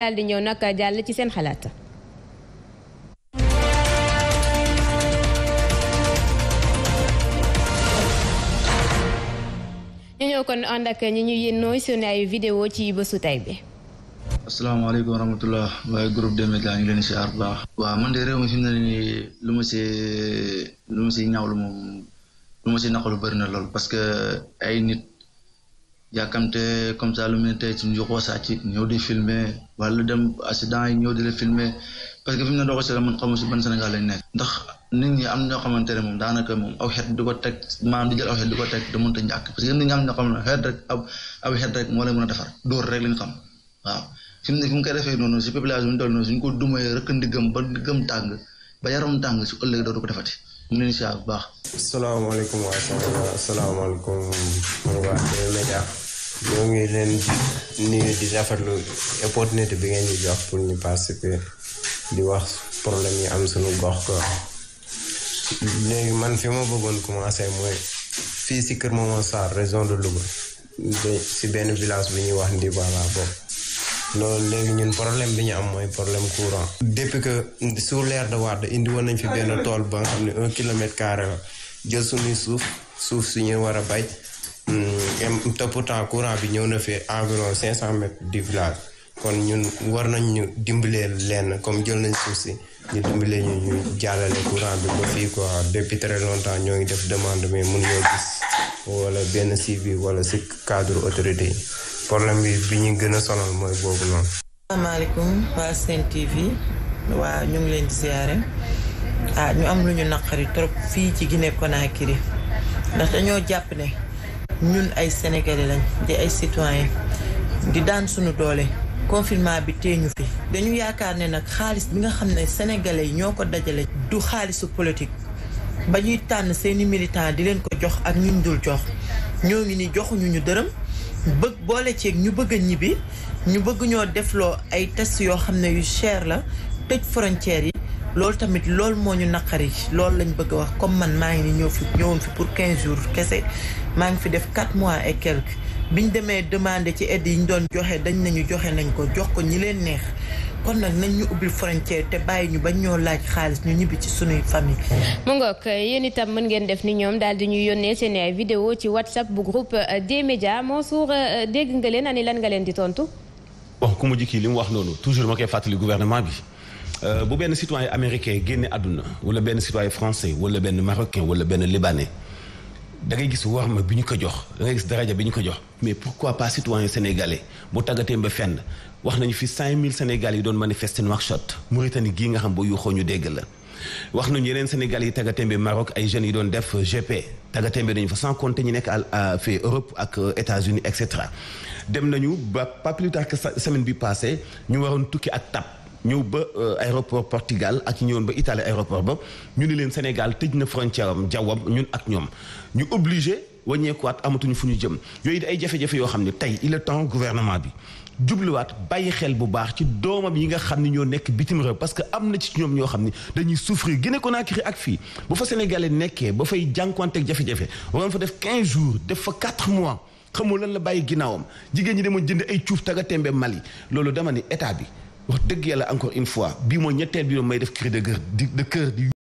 daal di ñëw nag jàll ci seen xalaat. ñu ñëw kon ànd ak ñi ñu yéenoo sunu ay vidéo ci bésu tay bi. asalaamaaleykum wa rahmatulah waaye groupe de médias ñu leen si aar bu baax. waaw de réew mu ne nii lu ma see lu moom lu ma see naqalu bëri na lool parce que ay nit. yàkkamte comme ça lu mel ne tey ci ñu ko sàcc ñëw di filmer wala lu dem accident yi ñëw di la filmer parce que fi mu ne doo ko seetlu man xamu si ban nekk ndax nit ñi am ñoo xamante ne moom daanaka moom aw xeet di ko teg maanaam di aw xeet di ko teg da mënta ñàkk parce que nit ñi am ñoo xam ne xeet rek moo leen mën a defar door rek lañ xam waaw fi ne fi mu koy defee noonu si population bi ñu toll noonu suñ ko dumee rek ndiggam ba ndiggam tàng ba yaram tàng si ëllëg dootu ko defati nuyu si bu baax. salaamaaleykum wa rahmatulah salaamaaleykum waa Média. ñoo ngi leen nuyu di rafetlu opportunité bi ngeen di jox pour ñu participer di wax problème yi am suñu gox ko léegi man fi ma bëggoon commencé mooy fii si Kër Momar Sarr région de Louga. si benn village bi ñuy wax Ndibala boobu. loolu léegi ñun problème bi ñu am mooy problème courant. depuis que sur l'ère de Wade indi woon nañ fi benn tool ba nga xam ne un kilomètre carré la jël suñuy suuf suuf suñuy war a bay hmm, te pourtant courant bi ñëw na fi environ cinq cent mètres du village kon ñun war nañ ñu dimbalee lenn comme jël nañ suuf si ñu dimbalee ñu ñu jàllale courant bi ba fii quoi depuis très longtemps ñoo ngi def demande mais mënuñoo gis. wala benn suivi wala si cadre autorité yi problème bi bi ñu gën a sonal mooy boobu noonu. asalaamaaleykum waa Sen TV waa ñu ngi leen di ziare ah ñu am lu ñu naqari trop fii ci Guinée Conakry ndax dañoo jàpp ne ñun ay sénégalais lañ di ay citoyens di daan suñu doole. confinement bi teeñu fi dañu yaakaar ne nag xaalis bi nga xam ne sénégalais yi ñoo ko dajale du xaalisu politique. ba ñuy tànn seeni militant di leen ko jox ak ñun dul jox ñoo ngi ni joxuñu ñu dërëm bëgg boole ceeg ñu bëgg a ñibbi ñu bëgg ñoo defloo ay test yoo xam ne yu cher la tëj frontières yi loolu tamit lool moo ñu naqari loolu lañ bëgg a wax comme man maa ngi ni ñëw fi ñëwoon fi pour 15 jours kese maa ngi fi def 4 mois et quelques biñ demee demandé ci aide yi ñu doon joxe dañ nañu joxe nañ ko jox ko ñi leen neex kon nag nañ ñu ubbil frontière te bàyyi ñu bañ ñoo laaj xaalis ñu ñibbi ci suñuy famille. mu ngoog yéen itam mën ngeen def ni ñoom daal di ñu yónnee seen ay vidéo ci whatsapp bu groupe euh, des médias Mansour euh, dégg nga leen a ani lan nga leen di tontu. bon ku mujj kii li mu wax noonu toujours ma koy fàttali gouvernement bi. Euh, bu benn citoyen américain génne àdduna wala benn citoyen français wala benn marocain wala benn libanais. da ngay gis war ma bi ñu ko jox da ngay gis daraja bi ñu ko jox mais pourquoi pas citoyen sénégalais bu tàggatee ba fenn wax nañu fi mille sénégalais yi doon manifester Nouakchott Mauritanie gii nga xam boo yuuxoo ñu dégg la wax nañu yeneen Sénégal yi tagatémbe Maroc ay jeunes yi doon def GP bi dañu fa sans compter ñu nekk à fii Europe ak euh, États-Unis et cetera dem nañu ba pas plus tard que semaine bi passée ñu waroon tukki ak TAP. ñëw ba euh, aéroport Portugal ak ñëwoon ba Italie aéroport ba ñu ni leen Sénégal tëj na frontière am jawwam ñun ak ñoom ñu obligé wàññeekuwaat amatuñu fu ñu jëm yooyu di ay jafe-jafe yoo xam ne tey il est temps gouvernement bi jubluwaat bàyyi xel bu baax ci doomam yi nga xam ne ñoo nekk bitim réew parce que am na ci ñoom ñoo xam ne dañuy ko Guinée Conakry ak fii bu fa sénégalais nekkee ba fay jànkuwanteeg jafe-jafe waroon fa def 15 jours def fa 4 mois xamul lan la bàyyi ginnaawam jigéen ñi demoon jënd ay cuuf taga tembe Mali loolu dama ni état bi wax dëgg yàlla encore une fois bii mooy ñetteel bi may def cri de cœur di de